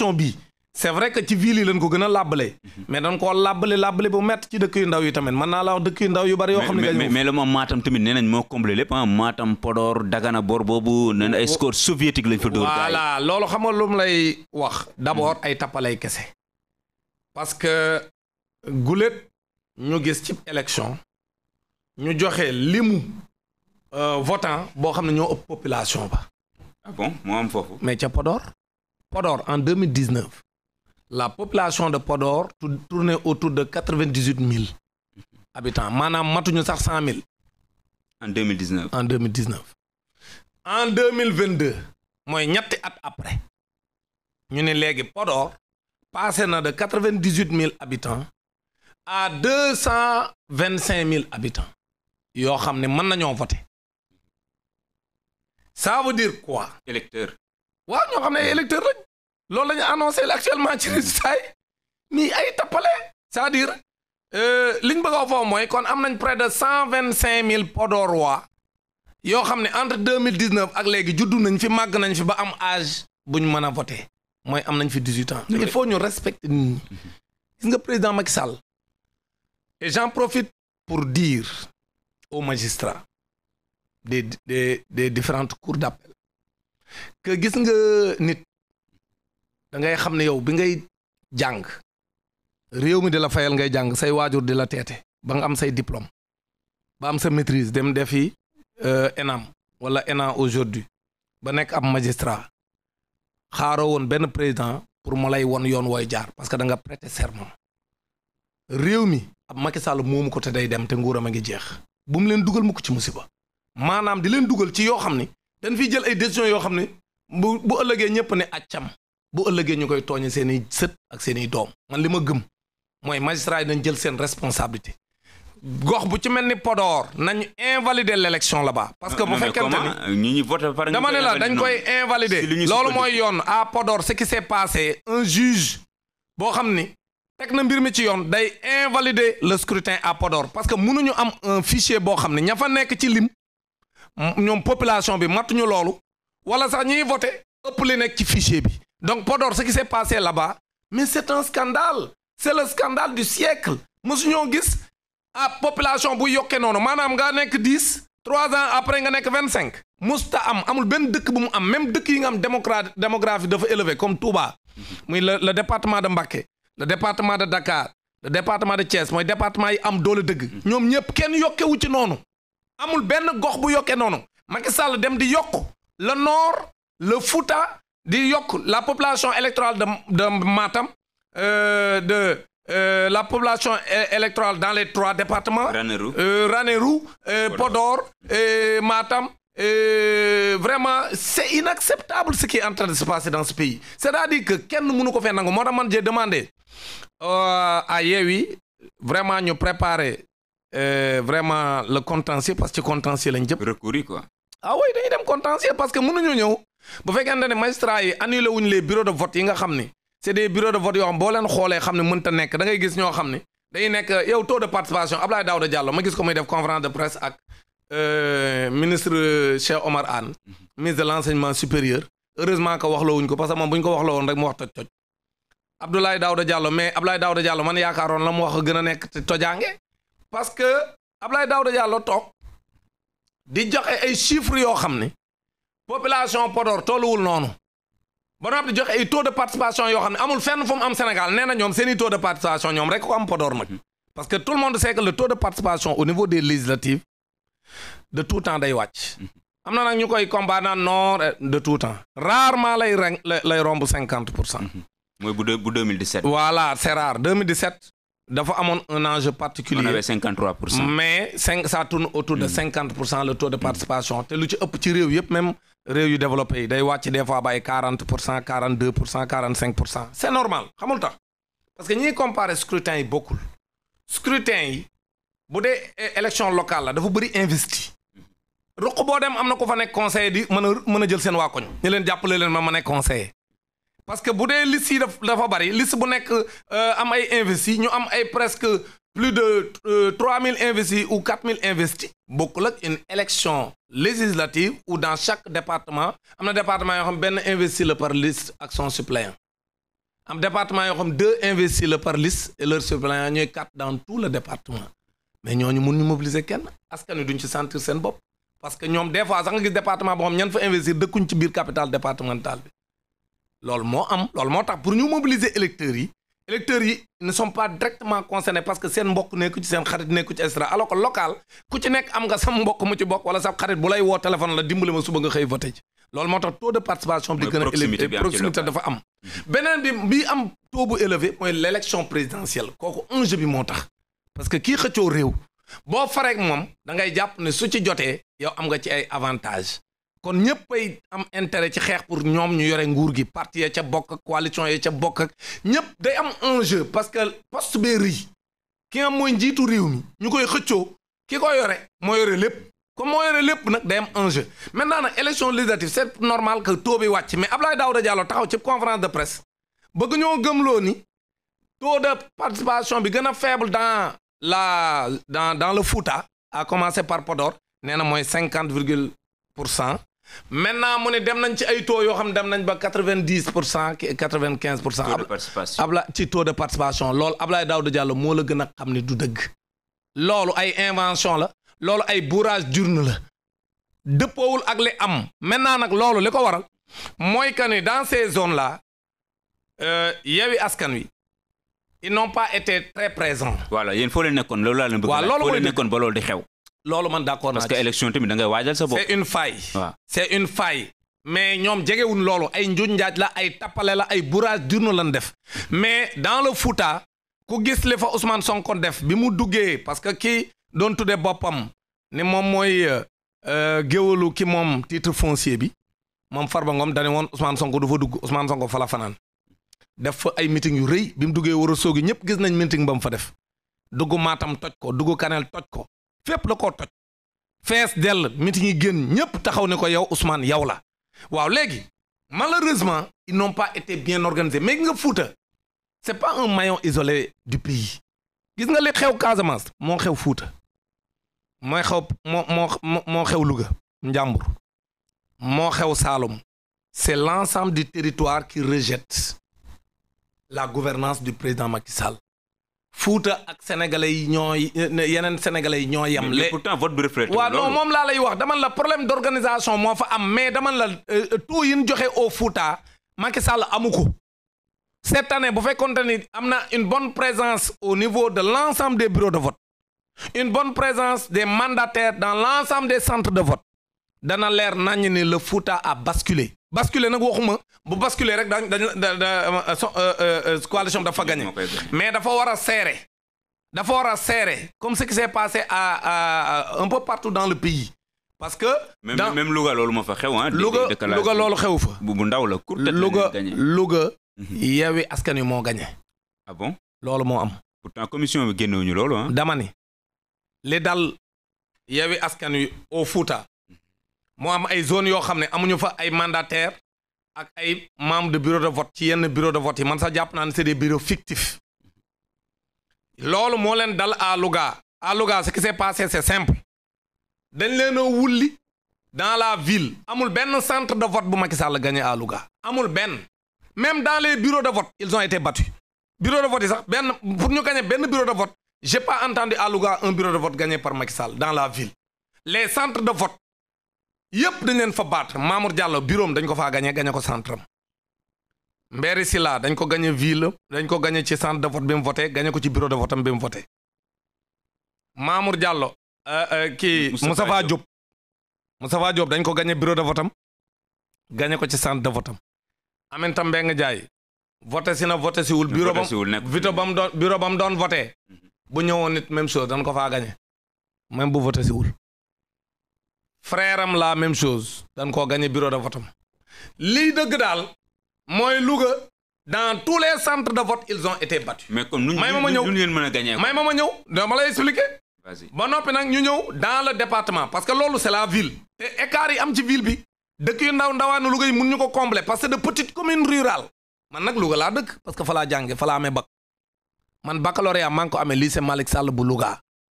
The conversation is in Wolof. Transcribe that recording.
élection bi c'est vrai que ci ville yi lañ ko gën a làbbale mais dañ koo làbbale làbbale bu mett ci dëkk yu ndaw yi tamit mën naa la wax dëkk yu ndaw yu bari yoo xam ne mais mais le moom Matam tamit nee nañ moo comblé lépp ah Matam Podor Dagana boor boobu nee na ay score soviétique lañ fa dóor voilà loolu xam nga lu mu lay wax d'abord ay tappalay kese parce que gulet ñu gis ci élection ñu joxe limu euh, votant boo xam ne ñoo ëpp population ba ah bon moo am foofu mais ca Podor Podor en 2019 la population de Podor tournait autour de 98 000 habitants maanaam matuñu sax 100 000. en 2019 en 2019. en 2022 mooy ñetti at après ñu ne léegi Podor passé na de 98 000 habitants à 225 000 habitants yoo xam ne mën nañoo voter ça veut dire waaw ñoo xam ne ay électeurs lañ loolu la ñu annoncé actuellement ci résultat yi nii ay tappale c'est-à-dire euh, li ñu bëgg mooy kon am nañ près de cent vingt cinq mille Podorois yoo xam ne entre deux mille dix neuf ak léegi juddu nañ fi màgg nañ fi ba am âge bu ñu mën a voté mooy am nañ fi dix huit il faut ñu respecter nit ñi mm-hmm. nga président Macky Sall. et j'en profite pour dire aux magistrats des des des différentes cours d'appel que gis nga nit dangay xam ne yow bi ngay jàng réew mi di la fayal ngay jàng say waajur di la teete ba nga am say diplôme ba am sa maîtrise dem defi euh, ENAM wala ENA aujourd'hui ba nekk ab magistrat xaaroo woon benn président pour mu lay won yoon wooy jaar parce que da nga prêter réew mi ab Macky Sall moomu ko te day dem te nguuram a ngi jeex bu mu leen dugal mu ko ci musiba maanaam di leen dugal ci yoo xam ni dañ fi jël ay décision yoo xam ne bu bu ëllëgee ñëpp ne accam bu ëllëgee ñu koy tooñe seen i sët ak seen i doom man li ma gëm mooy magistrat yi dañ jël seen responsabilité gox bu ci mel ni podoor nañu invalider l' élection là parce que bu fekkente ni dama ne la dañ koy invalider loolu mooy yoon à Podor ce qui s' est passé un juge boo xam ni teg na mbir mi ci yoon day invalider le scrutin à Podor parce que mënuñu am un fichier boo xam ne ña fa nekk ci lim ñoom population bi matuñu loolu wala sax ñuy voté ëpp li nekk ci fichier bi donc Podor ce qui s'est passé là-bas mais c'est un scandale c'est le scandale du siècle mosuñoo gis a population bu yokkee noonu maanaam nga nekk dix trois ans après nga nekk vingt cinq musta am amul benn dëkk bu mu am même dëkk yi nga am démocra démographie dafa élevé comme Touba muy le le département de Mbacké le département de Dakar le département de Thiès mooy département yi am doole dëgg ñoom ñëpp kenn yokkewu ci noonu amul benn gox bu yokkee noonu Macky Sall dem di yokk le nord le Fouta di yokk la population électorale de de Matam euh, de euh, la population électorale dans les trois départements. Ranérou euh, Ranérou Podor Matam. Et vraiment c'est inacceptable ce qui est en train de se passer dans ce pays c'est-à-dire que kenn mënu ko fee nangu moo tax man j'ai demandé à Yewwi vraiment ñu préparer Euh, vraiment le contentieux parce que contentieux lañ jëm. recours yi quoi. ah oui dem contentieux parce que mënuñu ñëw bu fekkente ne magistrat yi annulé wuñ les bureaux de vote yi nga xam ni c' est de vote yoo xam boo leen xoolee xam ne mënta nekk da gis ñoo xam ne dañuy nekk yow taux de participation Abdoulaye Daouda Diallo ma gis ko muy def conférence de presse ak euh, ministre Cheikh Omar Anne mhm. ministre de l' supérieur heureusement ko wax toj toj a parce que Abdoulaye Daouda Diallo toog di joxe ay chiffres yoo xam ne population Podor tolluwul noonu ba noppi di joxe ay taux de participation yoo xam ne amul fenn fu mu am Sénégal nee na ñoom seen i taux de participation ñoom rek ko am Podor nag mhm. parce que tout le monde sait que le taux de participation au niveau des législatives de tout temps day wàcc. Mhm. am na nag ñu koy combat naan euh, de tout temps rarement lay lay romb cinquante pour cent. Mhm. mooy bu deux bu 2017. voilà c'est rare 2017 dafa amoon un enjeu particulier pour cent mais cinq ça tourne autour de 50 hmm. pour cent le taux de hmm. participation te lu ci ëpp ci réew yëpp même réew yu développé yi day wàcc des fois bay 40 pour cent 42 pour cent 45 pour cent c'est normal xamul tax parce que ñi comparé scrutin yi bokkul scrutin yi bu dee élection locale la dafa bëri investi ruq boo dem am na ko fa nekk conseiller di mën a mën jël seen waa koñ ñu leen jàppale leen ma ma nekk conseiller parce que bu dee liste yi dafa bari liste bu nekk euh, am ay investi ñu am ay presque plus de euh, trois mille investis ou quatre mille investis bokkul ak une élection législative où dans chaque département am na département yoo xam benn investi la par liste ak son yoo xam deux investi la par liste et leur suppléant ñooy quatre dans tout le département mais ñooñu mun ñu mobiliser kenn askan wi duñ ci sentir seen bopp parce que ñoom des fois sax nga gis département boo xam ñan fa investir dëkkuñ ci biir capital départementale bi loolu moo am loolu moo tax pour ñu mobiliser électeurs yi électeurs yi ne sont pas directement concernés parce que seen mbokk nekku ci seen xarit nekku ci extra alors que local ku ci nekk am nga sam mbokk mu ci bokk wala sa xarit bu lay woo téléphone la dimbali ma suba nga xëy voté ci loolu moo tax taux de participation bi di gën a élevé dafa am beneen bi bi am taux bu élevé mooy l' élection présidentielle kooku enjeu bi moo tax parce que kii xëccoo réew boo fareek moom da ngay jàpp ne su ci jotee yow am nga ci ay avantages kon ñëpp ay am intérêt ci xeex pour ñoom ñu yore nguur gi parti ya ca bokk ak coalition ya ca bokk ak ñëpp day am enjeu parce que poste bee rëy ki nga mooy njiitu réew mi ñu koy xëccoo ki ko yore moo yore lépp comme moo yore lépp nag day am enjeu maintenant nag élection législative c'est normal que taux bi wàcc mais Abdoulaye Daouda Diallo taxaw ci conférence de presse bëgg ñoo gëmloo ni taux de participation bi gën a faible dans la dans dans le Fouta a commencer par Podor nee na mooy cinquante virgule pour cent maintenant mu ne dem nañ ci ay taux yoo xam ne dem nañ ba quatre vingt dix pour cent quatre vingt quinze pour cent. taux de participation abla ci taux de participation loolu Ablaye Daouda Diallo moo la gën a xam ne du dëgg. loolu ay invention la. loolu ay bourrage d'urne la. dëppoowul ak li am. maintenant nag loolu li ko waral. mooy que ni dans ces zone la euh, Yewwi Askan Wi. ils n'ont pas été très présents. voilà yéen foo leen nekkoon loolu mooy nekkoon ba di xew. loolu man d'accord na parce que élection tamit da ngay waajal sa bopp. c'est une faille. waaw c'est une faille. mais ñoom jegewuñ loolu ay njuñ njaaj la ay tappale la ay bourrage d'urne lan def mais dans le Fouta ku gis li fa Ousmane Sonko def bi mu duggee parce que kii dontu tuddee boppam ni moom mooy euh, euh, géwalu ki moom titre foncier bi moom ba Ngom dane woon Ousmane Sonko du fa dugg usmaan Sonko fa la fanaan def fa ay meeting yu rëy bi mu duggee war a soogi ñëpp gis nañ meeting ba mu fa def dugg maatam toj ko dugg Kanel toj ko fépp la koo fees dell meeting yi génn ñépp taxaw ne ko yow Ousmane yow la waaw léegi malheureusement ils n'ont pas été bien organisés mais nga Fuuta c'est pas un maillon isolé du pays gis nga li xew Casamance moo xew Fuuta mooy xew moo moo xew Louga Njàmbur moo xew Saloum c'est l'ensemble du territoire qui rejette la gouvernance du président Macky Sall Fouta ak sénégalais yi ñooy yeneen sénégalais yi ñoo yem. mais pourtant vote bi reflété waaw moom laa lay wax daman la problème d' organisation moo fa am mais daman la euh, taux yi ñu joxe au Fouta Macky Sall amu ko cette année bu fekkoonte ni am na une bonne présence au niveau de l' ensemble des de vote une bonne présence des mandataires dans l' ensemble centre de vote dana leer nañu ni le Fouta a basculé basculer nag waxuma bu basculer rek daañu dañ da so euh, euh, euh, coalition dafa gagné mais dafa war a serrer dafa war a serrer comme ce qui s'est passé à à un peu partout dans le pays. parce que. dans même Louga loolu ma fa xew ah. Louga Louga loolu xew fa. bu bu ndaw la courte Louga Louga. Mhm. Yewwi Askan Wi moo gagné. Ah loolu moo am. pourtant commission bi génnewuñu loolu ah. dama ni li dal Yewwi Askan Wi au Fouta. moo am ay zone yoo xam ne amuñu fa ay mandataire ak ay membre de bureau de vote ci yenn bureau de vote yi man sa jàpp naan ne c'est des bureaux fictifs loolu moo leen dal à Louga à Louga ce qui s'est passé c'est simple dañ leen a wulli dans la ville amul benn centre de vote bu Macky Sall gagné Louga amul benn même dans les bureaux de vote ils ont été battus bureau de vote sax benn pour ñu gagné benn bureau de vote j'ai pas entendu à Louga un bureau de vote gagné par Macky dans la ville les centres de vote yépp dañ leen fa baat Mamour jàllo bureau dañ ko faa gañe gañe ko centre am Mbéri Sila dañ ko gañe ville dañ ko gañe ci centre de vote bi mu voté gañe ko ci bureau de vote am bi mu voté euh, euh, kii Moustapha Diop Moustapha dañ ko gañe bureau de vote am gañe ko ci centre de vote am Aminata Mbengue Ndiaye voté si na voté si wul bureau bam vito bam doon bureau bam doon voté mhm. bu ñëwoon nit même chose dañ ko faa gañe même bu voté si wul frère am la même chose dañ koo gagné bureau de vote lii dëgg daal mooy Louga dans tous les centres de vote ils ont été battus. mais kon may ma ma ñëw may ma ma ñëw dama lay expliquer. ba nag ñu ñëw dans le département parce que loolu c'est la ville. te écart am ci ville bi dëkk yu ndaw ndawaanu Louga yi mun ñu ko combler parce que de petites communes rurales man nag Louga laa dëkk parce que fa laa jàngee fa man amee bac man baccalauréat maa ngi ko amee lycée Malick Sall bu Louga